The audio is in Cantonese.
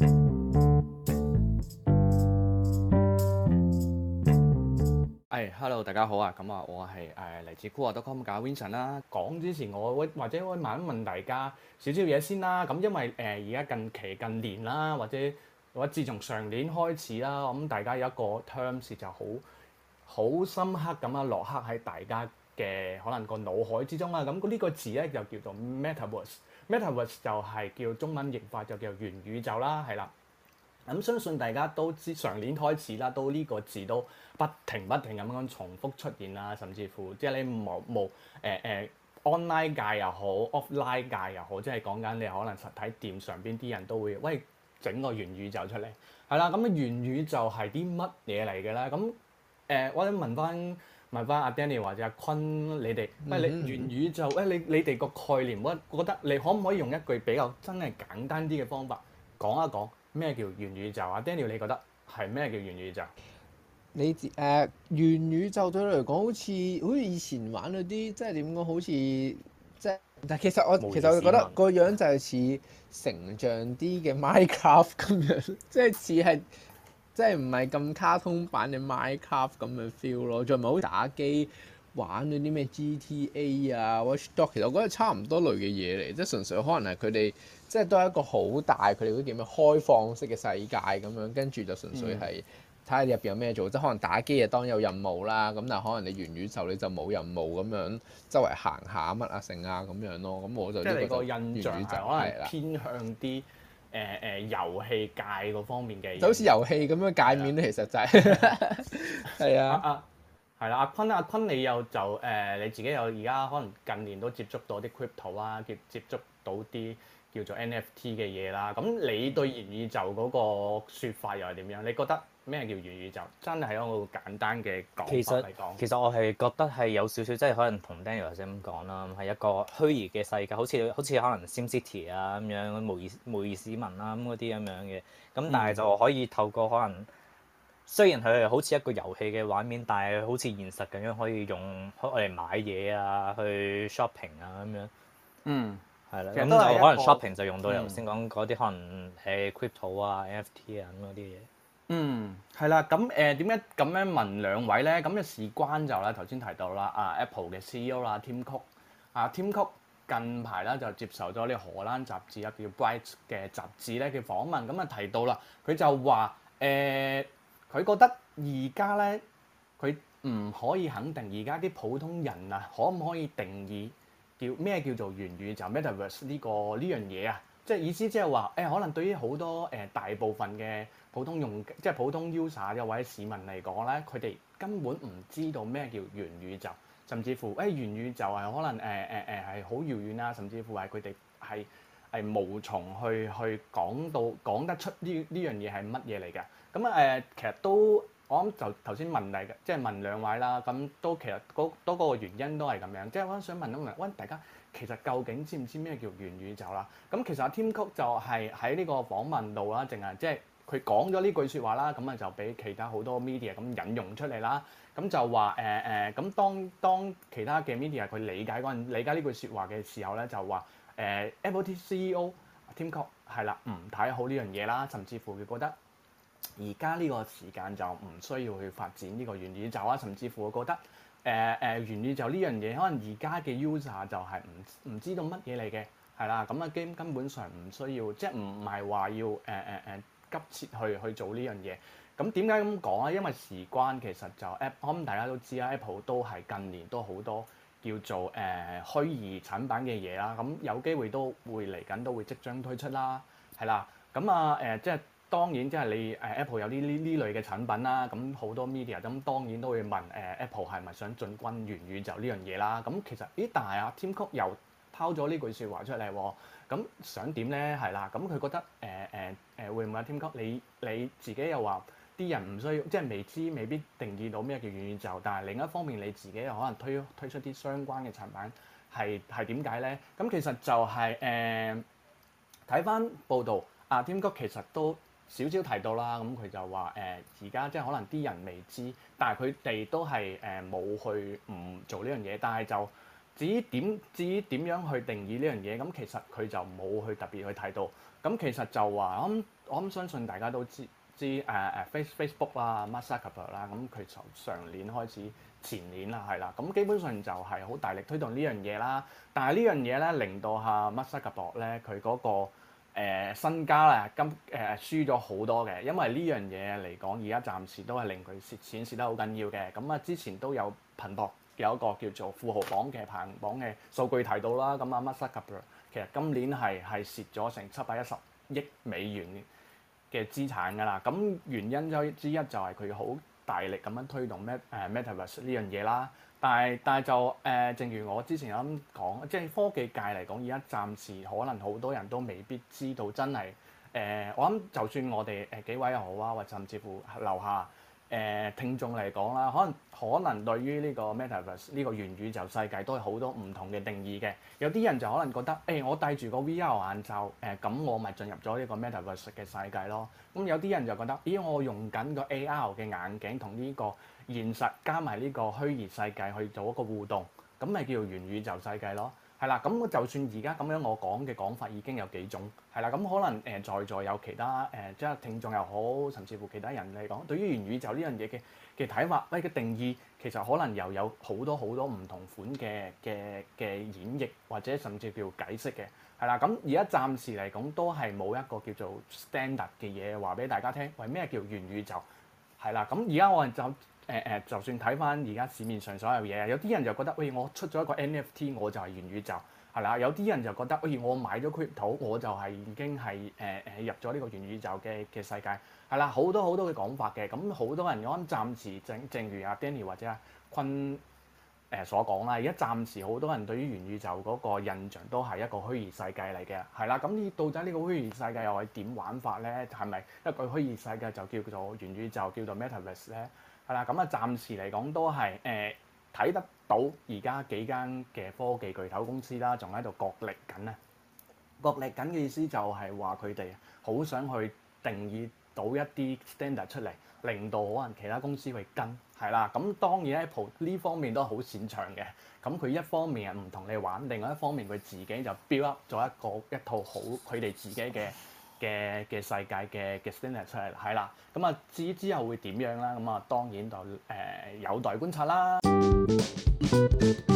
誒，hello，大家好啊，咁啊，我係誒，嚟自 Google.com 嘅 Vincent 啦。講之前，我會或者我慢慢問大家少少嘢先啦。咁因為誒，而家近期近年啦，或者我自從上年開始啦，咁大家有一個 terms 就好好深刻咁啊，落刻喺大家嘅可能個腦海之中啊。咁、這、呢個字咧就叫做 metaverse。Metaverse 就係叫中文譯法就叫元宇宙啦，係啦。咁、嗯、相信大家都知上年開始啦，都呢個字都不停不停咁樣重複出現啦，甚至乎即係你冇冇誒誒 online 界又好，offline 界又好，即係講緊你可能實體店上邊啲人都會，喂整個元宇宙出嚟，係啦。咁、嗯、啊元宇宙係啲乜嘢嚟嘅咧？咁、嗯、誒、呃，我想問翻。問翻阿、啊、Danny 或者阿坤，你哋，唔係你元宇宙，誒你你哋個概念，我覺得你可唔可以用一句比較真係簡單啲嘅方法講一講咩叫元宇宙？阿 Danny 你覺得係咩叫元宇宙？你誒、呃、元宇宙對你嚟講好似好似以前玩嗰啲，即係點講？好似即係，但係其實我其實我覺得個樣就係似成像啲嘅 Minecraft 咁樣，即係似係。即係唔係咁卡通版嘅 Minecraft 咁嘅 feel 咯，仲唔係好似打機玩嗰啲咩 GTA 啊、Watch Dogs，其實我覺得差唔多類嘅嘢嚟，即係純粹可能係佢哋即係都係一個好大佢哋嗰啲叫咩開放式嘅世界咁樣，跟住就純粹係睇下你入邊有咩做，嗯、即係可能打機就當有任務啦，咁但係可能你元宇宙你就冇任務咁樣，周圍行下乜啊成啊咁樣咯，咁我就呢個印象就係、可能偏向啲。誒誒、嗯呃、遊戲界嗰方面嘅嘢，就好似遊戲咁樣界面的其實就係係啊，係、啊、啦，阿坤阿坤，啊、你又就誒、呃、你自己又而家可能近年都接觸到啲 crypto 啊，接接觸到啲叫做 NFT 嘅嘢啦，咁你對元宇宙嗰個說法又係點樣？你覺得？咩叫元宇宙？真係一個簡單嘅講法嚟講。其實我係覺得係有少少，即係可能同 Daniel 先咁講啦，係一個虛擬嘅世界，好似好似可能 SimCity 啊咁樣，模擬模擬市民啊，咁嗰啲咁樣嘅。咁但係就可以透過可能，嗯、雖然佢係好似一個遊戲嘅畫面，但係好似現實咁樣可以用我哋買嘢啊，去 shopping 啊咁樣。嗯，係啦的。咁其實 就可能 shopping 就用到頭先講嗰啲可能係 crypto 啊、NFT 啊咁嗰啲嘢。嗯，係啦。咁誒點解咁樣問兩位咧？咁嘅事關就啦，頭先提到啦，阿、啊、Apple 嘅 C.E.O. 啦 Tim Cook，阿、啊、Tim Cook 近排啦就接受咗呢荷蘭雜誌啊，叫 Bright 嘅雜誌咧嘅訪問，咁、嗯、啊提到啦，佢就話誒，佢、呃、覺得而家咧，佢唔可以肯定而家啲普通人啊，可唔可以定義叫咩叫做元宇宙、metaverse 呢、這個呢樣嘢啊？即係意思即係話誒，可能對於好多誒、呃、大部分嘅。普通用即係普通 user 一位市民嚟講咧，佢哋根本唔知道咩叫元宇宙，甚至乎誒元宇宙係可能誒誒誒係好遙遠啦，甚至乎係佢哋係係無從去去講到講得出呢呢樣嘢係乜嘢嚟嘅。咁誒、嗯，其實都我諗就頭先問嘅，即係問兩位啦。咁都其實嗰多個原因都係咁樣，即係我想問一問，問大家其實究竟知唔知咩叫元宇宙啦？咁、嗯、其實阿添曲就係喺呢個訪問度啦，淨係即係。佢講咗呢句説話啦，咁啊就俾其他好多 media 咁引用出嚟啦。咁就話誒誒，咁、呃呃、當當其他嘅 media 佢理解嗰個理解呢句説話嘅時候咧，就話誒、呃、Apple T CEO Tim Cook 係啦，唔睇好呢樣嘢啦，甚至乎佢覺得而家呢個時間就唔需要去發展呢個元宇宙啦。甚至乎我覺得誒誒元宇宙呢樣嘢，可能而家嘅 user 就係唔唔知道乜嘢嚟嘅，係啦，咁啊 game 根本上唔需要，即係唔係話要誒誒誒。呃呃呃呃急切去去做呢樣嘢，咁點解咁講啊？因為事關其實就 Apple，我諗大家都知啦，Apple 都係近年都好多叫做誒、呃、虛擬產品嘅嘢啦，咁、嗯、有機會都會嚟緊都會即將推出啦，係啦，咁啊誒，即係當然即係你誒、呃、Apple 有呢呢呢類嘅產品啦，咁、嗯、好多 media 咁當然都會問誒、呃、Apple 係咪想進軍元宇宙呢樣嘢啦，咁、嗯、其實呢，但係啊，Tim Cook 又，拋咗呢句説話出嚟喎，咁想點呢？係啦，咁佢覺得誒誒誒會唔會阿添谷，Cook, 你你自己又話啲人唔需要，即係未知未必定義到咩叫元宇宙，但係另一方面你自己又可能推推出啲相關嘅產品，係係，點解呢？咁其實就係誒睇返報道，阿添谷其實都少少提到啦，咁佢就話誒而家即係可能啲人未知，但係佢哋都係誒冇去唔做呢樣嘢，但係就。至於點至於點樣去定義呢樣嘢，咁其實佢就冇去特別去睇到。咁其實就話，我諗我諗相信大家都知知誒誒 Face Facebook 啦 m a s k a u c k e r e 啦，咁佢從上年開始前年啦，係啦，咁基本上就係好大力推動呢樣嘢啦。但係呢樣嘢咧，令到下 m a s k a u c k e r b e 咧，佢嗰個身家啊，今誒輸咗好多嘅，因為呢樣嘢嚟講，而家暫時都係令佢顯顯示得好緊要嘅。咁啊，之前都有頻博。有一個叫做富豪榜嘅排行榜嘅數據提到啦，咁阿馬斯克其實今年係係蝕咗成七百一十億美元嘅資產㗎啦。咁原因之一就係佢好大力咁樣推動 Meta 誒 metaverse 呢樣嘢啦。但係但係就誒、呃，正如我之前有講，即係科技界嚟講，而家暫時可能好多人都未必知道真係誒、呃。我諗就算我哋誒幾位又好啊，或甚至乎樓下。誒聽眾嚟講啦，可能可能對於呢個 Metaverse 呢個元宇宙世界都係好多唔同嘅定義嘅。有啲人就可能覺得，誒、欸、我戴住個 VR 眼罩，誒、欸、咁我咪進入咗呢個 Metaverse 嘅世界咯。咁有啲人就覺得，咦、欸、我用緊個 AR 嘅眼鏡同呢個現實加埋呢個虛擬世界去做一個互動，咁咪叫做元宇宙世界咯。係啦，咁就算而家咁樣我講嘅講法已經有幾種，係啦，咁可能誒在座有其他誒即係聽眾又好，甚至乎其他人嚟講，對於元宇宙呢樣嘢嘅嘅睇法或嘅定義，其實可能又有好多好多唔同款嘅嘅嘅演繹或者甚至叫解釋嘅，係啦，咁而家暫時嚟講都係冇一個叫做 standard 嘅嘢話俾大家聽，為咩叫元宇宙？係啦，咁而家我哋就。誒誒、呃，就算睇翻而家市面上所有嘢，有啲人就覺得，喂，我出咗一個 NFT，我就係元宇宙係啦。有啲人就覺得，喂，我買咗 Crypto，我就係已經係誒誒入咗呢個元宇宙嘅嘅、這個、世界係啦。好多好多嘅講法嘅，咁好多人我諗暫時正正如阿 Danny 或者阿坤誒所講啦。而家暫時好多人對於元宇宙嗰個印象都係一個虛擬世界嚟嘅係啦。咁到底呢個虛擬世界又係點玩法咧？係咪一個虛擬世界就叫做元宇宙，叫做 Metaverse 咧？係啦，咁啊暫時嚟講都係誒睇得到而家幾間嘅科技巨頭公司啦，仲喺度角力緊咧。角力緊嘅意思就係話佢哋好想去定義到一啲 standard 出嚟，令到可能其他公司去跟。係啦，咁、嗯、當然 Apple 呢方面都好擅長嘅。咁佢一方面係唔同你玩，另外一方面佢自己就 build up 咗一個一套好佢哋自己嘅。嘅嘅世界嘅嘅 standard 出嚟，係啦。咁啊，至於之後會點樣啦？咁啊，當然就誒、呃、有待觀察啦。